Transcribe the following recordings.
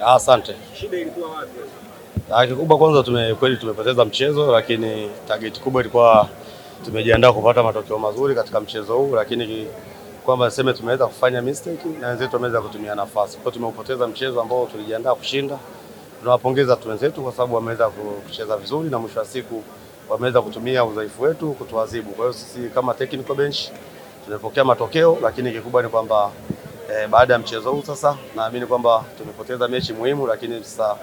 Ah, asante. Ah, kikubwa kwanza tume, kweli tumepoteza mchezo, lakini target kubwa ilikuwa tumejiandaa kupata matokeo mazuri katika mchezo huu, lakini kwamba niseme tumeweza kufanya mistake na wenzetu wameweza kutumia nafasi. Kwa tumeupoteza mchezo ambao tulijiandaa kushinda. Tunawapongeza wenzetu kwa sababu wameweza kucheza vizuri na mwisho wa siku wameweza kutumia udhaifu wetu kutuadhibu. Kwa hiyo sisi kama technical bench tumepokea matokeo, lakini kikubwa ni kwamba E, baada ya mchezo huu sasa naamini kwamba tumepoteza mechi muhimu, lakini sasa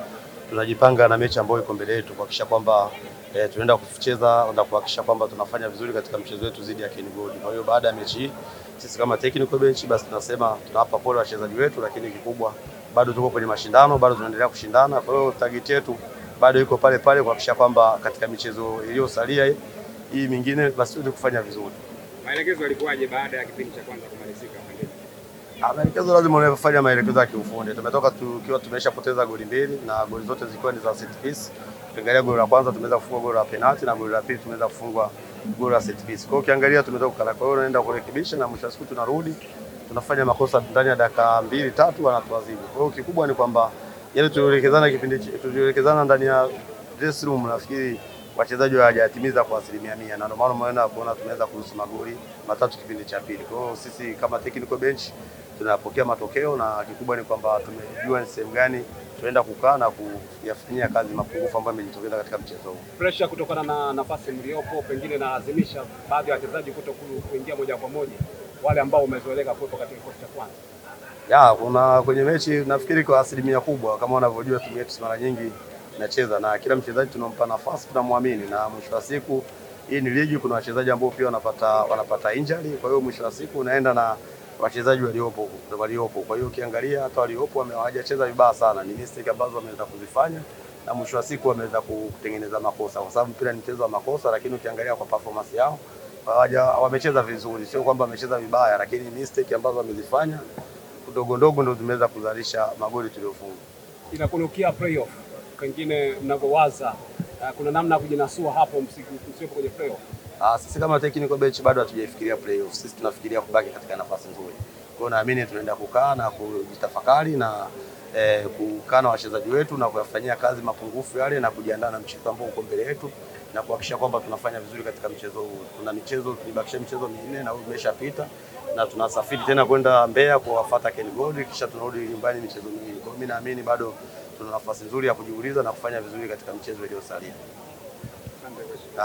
tunajipanga na mechi ambayo iko mbele yetu kuhakikisha kwamba e, tunaenda kucheza na kuhakikisha kwamba tunafanya vizuri katika mchezo wetu dhidi ya Kinigodi. Kwa hiyo baada ya mechi hii sisi kama technical bench basi tunasema tunawapa pole wachezaji wetu, lakini kikubwa bado tuko kwenye mashindano, bado tunaendelea kushindana. Kwa hiyo target yetu bado iko pale pale kuhakikisha kwamba katika michezo iliyosalia hii mingine basi tuende kufanya vizuri. Maelekezo yalikuwaje baada ya kipindi cha kwanza kumalizika? Maelekezo lazima unafanya maelekezo ya kiufundi. Tumetoka tukiwa tumeshapoteza goli mbili na goli zote zilikuwa ni za set piece. Tukiangalia goli la kwanza tumeweza kufunga goli la penalti na goli la pili tumeweza kufunga goli la set piece. Kwa hiyo ukiangalia tumetoka kukala. kwa hiyo unaenda kurekebisha na mwisho wa siku tunarudi tunafanya makosa ndani ya dakika mbili tatu wanatuadhibu. Kwa hiyo kikubwa ni kwamba yale tulioelekezana kipindi tulioelekezana ndani ya dressing room nafikiri wachezaji hawajatimiza kwa asilimia mia, na ndio maana umeona kuona tumeweza kuruhusu magoli matatu kipindi cha pili. Kwa hiyo sisi kama technical bench tunapokea matokeo, na kikubwa ni kwamba tumejua ni sehemu gani tunaenda kukaa na kuyafanyia kazi mapungufu ambayo yamejitokeza katika mchezo huu. Pressure kutokana na nafasi mliopo pengine nalazimisha baadhi ya wachezaji kuto kuingia moja kwa moja, wale ambao umezoeleka kuwepo katika kikosi cha kwanza ya kuna kwenye mechi nafikiri kwa asilimia kubwa, kama wanavyojua timu yetu mara nyingi inacheza na kila mchezaji tunampa nafasi, tunamwamini na mwisho wa siku hii ni ligi, kuna wachezaji ambao pia wanapata wanapata injury. Kwa hiyo mwisho wa siku unaenda na wachezaji waliopo waliopo. Kwa hiyo ukiangalia hata waliopo hawajacheza vibaya sana, ni mistake ambazo wameweza kuzifanya na mwisho wa siku wameweza kutengeneza makosa, kwa sababu mpira ni mchezo wa makosa, lakini ukiangalia kwa performance yao waja, wamecheza vizuri, sio kwamba wamecheza vibaya, lakini mistake ambazo wamezifanya ndogo ndogo ndo zimeweza kuzalisha magoli tuliyofunga. Inakunukia playoff pengine mnavyowaza, kuna namna ya kujinasua hapo msiwepo kwenye playoff Ah, sisi kama technical bench bado hatujafikiria playoff. Sisi tunafikiria kubaki katika nafasi nzuri. Kwa hiyo naamini tunaenda kukaa na kujitafakari na eh, kukaa na wachezaji wetu na kuyafanyia kazi mapungufu yale na kujiandaa na mchezo ambao uko mbele yetu na kuhakikisha kwamba tunafanya vizuri katika mchezo huu. Tuna michezo tulibakisha michezo minne na huu umeshapita na tunasafiri tena kwenda Mbeya kuwafuata Ken Gold kisha tunarudi nyumbani michezo miwili. Kwa hiyo mimi naamini bado tuna nafasi nzuri ya kujiuliza na kufanya vizuri katika mchezo iliyosalia.